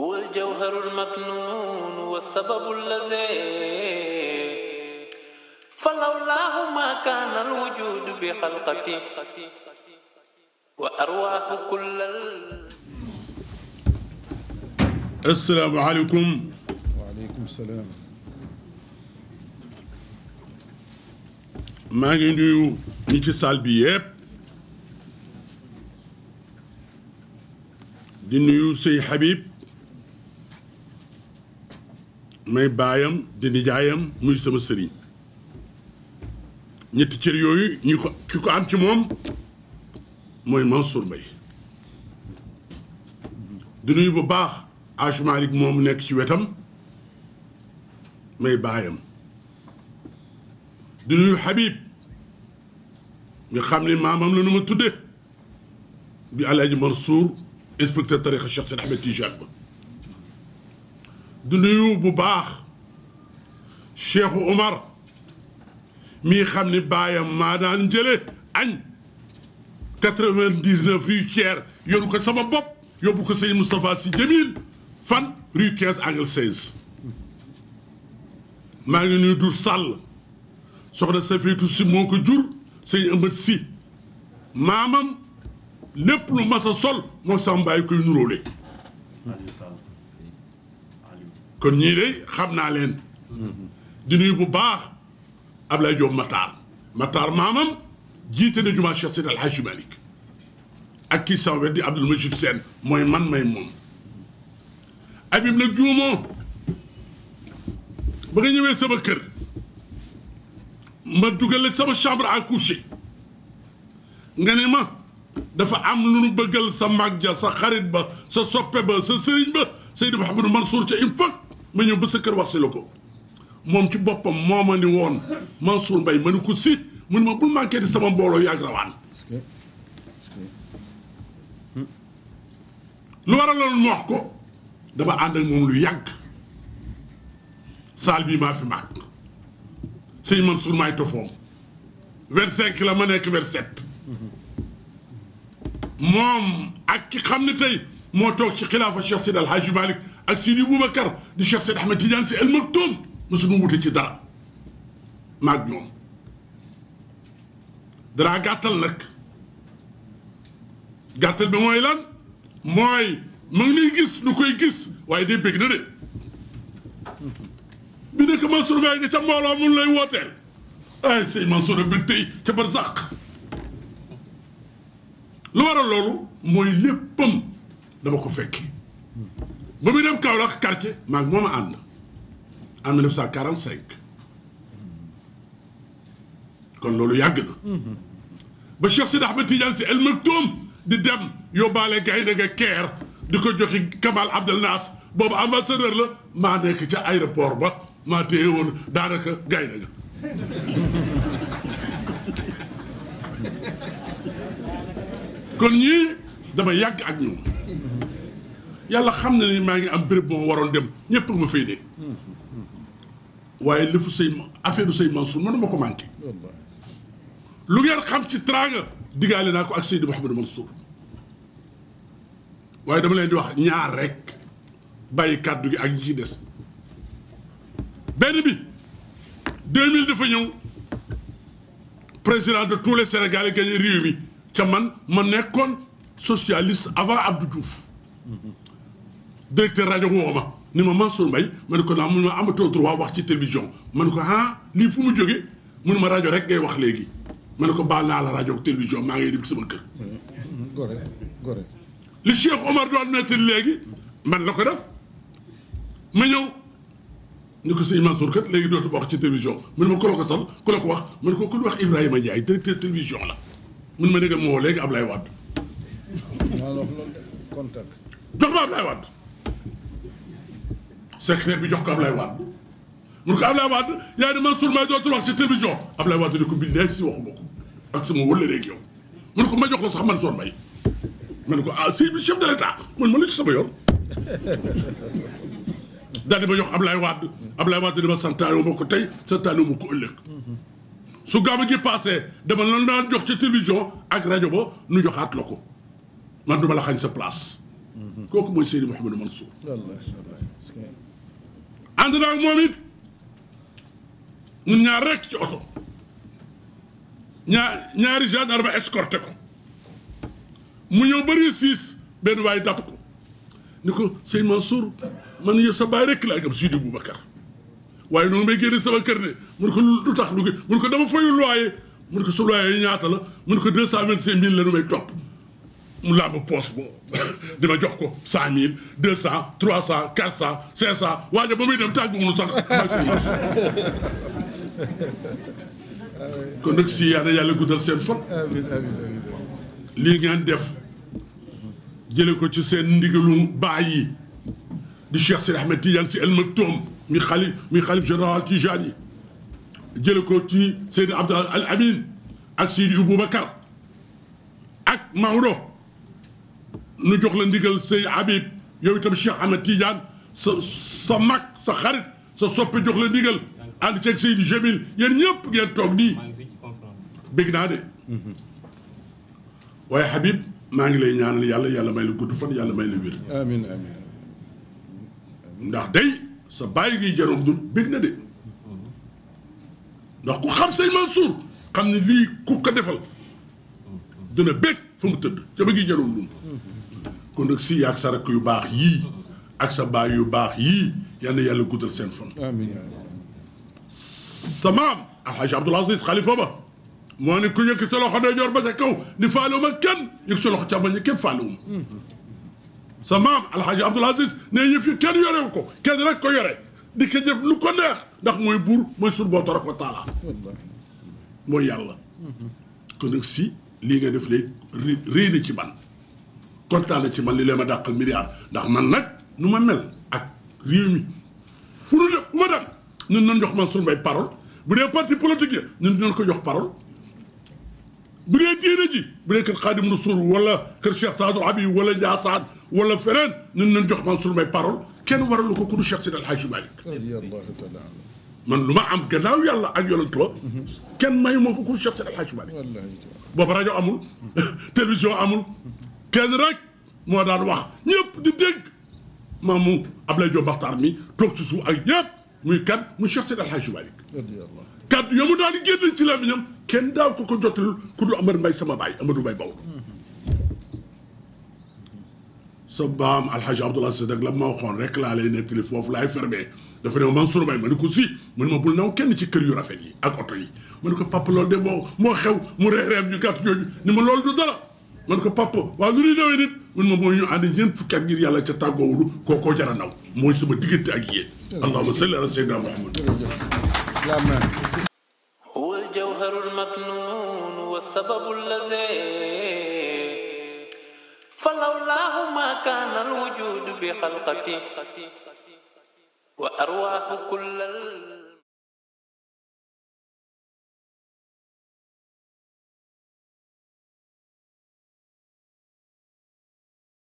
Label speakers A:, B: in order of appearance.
A: هو الجوهر المكنون والسبب الذي فلولاه ما كان الوجود بخلقتي وأرواح كل ال... السلام عليكم وعليكم السلام maa ngi nuyu ñi ci salle bi yépp di nuyu Sey Habib may baayam di nijaayam muy sama sëriñ ñetti cër yooyu ñu ko ki ko am ci moom mooy Mansour Mbaye du nuyu bu baax Ache Malick moom nekk ci wetam may baayam du nuyu Habib nga xam ne maamam la nu ma tudde bi Alaaji Mansour inspecteur tarixa Cheikh Seydi Ahmed Tijaan ba du nuyu bu baax Cheikh Umar mii xam ni baayam maa daan jële añ quatre-vingt-dix-neuf rue ko sama bopp yóbbu ko sëñ Moustapha Sy Jamil fan rue quinze angle seize maa ngi nuyu dur sàll soxna Safiétou jur sëñ Amat Sy maamam lépp lu mas sol moo sama bàyyi koy nuróole kon ñii de xam naa leen di nuyu bu baax Ablaye Diop Matar Matar maamam jiite na jumaa Cheikh Seydi ak kii sama wet di Abdoul Majid Sène mooy man may moom Habib nag juumoo ba nga ñëwee sama kër ma dugal la sama chambre à coucher nga ne ma dafa am lu nu bëggal sa mag ja sa xarit ba sa soppe ba sa sëriñ ba Seydi Mouhamadou Mansour ca im fag ma ñëw ba sa kër wax si la ko moom ci boppam moo ma ni woon Mansour mbay ma ni ko si mun ma bul manqué di sama mbooloo yàgg rawaan lu war a loolu ma wax ko dama ànd ak moom lu yàgg saal bii maa fi mag sëñ Mansour maay tofoom vingt cinq la ma nekk vingt sept moom ak ki xam ne tey moo toog ci xilaafa Cheikh Sidi El Hadji Malick al Sidi Boubacar di Cheikh Seyd Ahmed Tidiane si El Maktoum mosuñu wute ci dara maag ñoom daraa gàttal nag gàttal bi mooy lan mooy ma ngi lay gis nu koy gis waaye day bëgg na bi nekk Mansour Mbaye nga ca mbooloo mun lay wooteel ay sëñ Mansour a bi tey ca barzaq lu waral loolu mooy léppam dama ko fekki ba muy ka Kaolack quartier maag moom a ànd en 1945 kon loolu yàgg na ba Cheikh Sidi Ahmed Tidiane si El Maktoum di dem yóbbaale gaynde nga keer di ko joxi Kamal Abdel Nas boobu ambassadeur la maa nekk ca aéroport ba maa téye woon daanaka gaynde kon ñii dama yàgg ak ñoom yàlla xam na ne maa ngi am béréb moo waroon dem ñëpp ma fay dee waaye lëfu sëy affaire sëy Mansour ma ko manqué lu ngeen xam ci teraanga diggaale naa ko ak Seydi Mouhamadou Mansour waaye dama leen di wax ñaar rek bàyyi kàddu gi ak ñi ci des benn bi 2000 dafa ñëw président de tous les Sénégalais gagné réew ca man ma nekkoon socialiste avant Abdou Diouf directeur rajo woo ma ni ma Mansour Mbaye ma ne ko naa mun ma amatoo droit wax ci télévision ma ne ko ah lii fu mu jógee mun ma rajo rek ngay wax léegi ma ne ko baal naa la rajo télévision maa ngay dem sama kër. gore gore li léegi man la ko def ma ñëw ni ko sëñ Mansour léegi dootu wax ci télévision mun ma ku la ko la ko wax ma ne ko ku wax Ibrahima Ndiaye directeur télévision la mun ma ne moo léegi Ablaye Wade. waaw loolu secrétaire bi jox ko Ablaye Wade mun ko Ablaye Wade yaa ni Mansour Mbaye dootul wax ci télévision Ablaye Wade ne ko bindee si waxuma ko ak sama wëllëre ak yow mun ko ma jox ko sax Mansour Mbaye ma ne ko ah si chef de l'état man ma la ci sama yoon daal di ma jox Ablaye Wade Ablaye Wade dama santaane ma ko tey santaane ma ko ëllëg su gàmm gi passé dama la daan jox ci télévision ak rajo ba nu joxaat la ko man duma la xañ sa place kooku mooy Seydi Mouhamadou Mansour ànd naa moom it ñun ñaar rek ci oto ñaar ñaari gendarme ko mu ñëw bëri siis benn waay dàpp ko ni ko sëñ Mansour man yow sa baay rek laa gëm Sidi Boubacar waaye noonu may génne sama kër ne mun ko lu tax lu mun ko dama fayu loyer mun ko su loyer yi ñaata la mun ko deux cent vingt cinq mille la nu may topp mu làmb ma jox ko cent mille deux cent trois cent quatre cent cinq cent waaye ba muy dem tàggu mu sax kon nag si yàlla yàlla guddal seen fan lii ngeen def jële ko ci seen ndigalu baay yi di Cheikh Sidi Ahmed Tidiane Sy Al Maktoum mi xalif général Tijani yi jële ko ci Seydi Abdallah Al Amin ak Seydi Aboubacar ak Maodo nu jox la ndigal sëy Habib yow tam Cheikh Ahmed Tidiane sa sa mag sa xarit sa soppi jox la ndigal ànd ceeg Seydi Jamil yéen ñëpp ngeen toog nii bég naa de mhm. waaye Habib maa ngi lay ñaanal yàlla yàlla may la gudd fan yàlla may la wér amiin amiin ndax day sa bàyyi ngi jaroom dul bég na de mhm. ndax ku xam sëñ Mansour xam ne lii ku ka defal mhm. dina bég fu mu tëdd ca bëgg jaroom dul kon nag si yaag sa rakk yu baax yii ak sa baay yu baax yii yal na yàlla guddal seen fan. amiin sa maam Alhaji Abdoul Aziz xalifa ba moo ne ku yëkk sa loxo ndeyjoor ba sa kaw ni faalewu ma kenn yëkk sa loxo càmmoñ ñi kenn faalewu ma sa maam Alhaji Abdoul Aziz ne yëf yi kenn yorewu ko kenn rek ko yore di ko def lu ko neex ndax mooy buur mooy sunu Boroom tabaaraka wa taala mooy yàlla kon nag si lii nga def léegi ré réy na ci ban kontaane ci man li leen ma dàqal milliard ndax man nag nu ma mel ak réew mi fu nu de ma dem ñun noonu jox man suñu bay parole bu dee parti politique yi ñun dinañ ko jox parole bu dee diine ji bu dee kër Xaadim Rasuul wala kër Cheikh Saadou Habib wala Ndiassane wala feneen ñun nañ jox man suñu bay parole kenn waralu ko ku du Cheikh Sidi El Hadji Malick man lu ma am gannaaw yàlla ak yonent ba kenn may moo ko ku du Cheikh Sidi El Hadji Malick booba rajo amul télévision amul kenn rek moo daan wax ñëpp di dégg maamu Ablaye Diop Maxtaar mi toog ci suuf ak ñëpp muy kan mu Cheikh Seydi El Hadji Malick kaddu yomu daal di génn ci làmmiñam kenn daaw ko ko jottalul ku dul Amar Mbay sama baay Amadou Mbay Bawdo sa baam alhaji Abdoulaye Sy rek la ma waxoon rek laa lay nettali foofu dafa ne ma Mansour ma ne si mu ne ma bul naw kenn ci kër yu rafet yi ak oto yi ma ne papa loolu de moo moo xew mu reereem ñu gàtt ñooñu ni ma loolu du man ko papa waaw lu ñuy nawee nit mun ma mooy ñu ànd ñeent fukki at ngir yàlla ca tàggoowulu kookoo jara naw mooy sama diggante ak yéen allahuma salli ala sayyidina muhammad هو الجوهر المكنون والسبب الذي فلولاه ما كان الوجود بخلقتي
B: وأرواح
A: كل ال...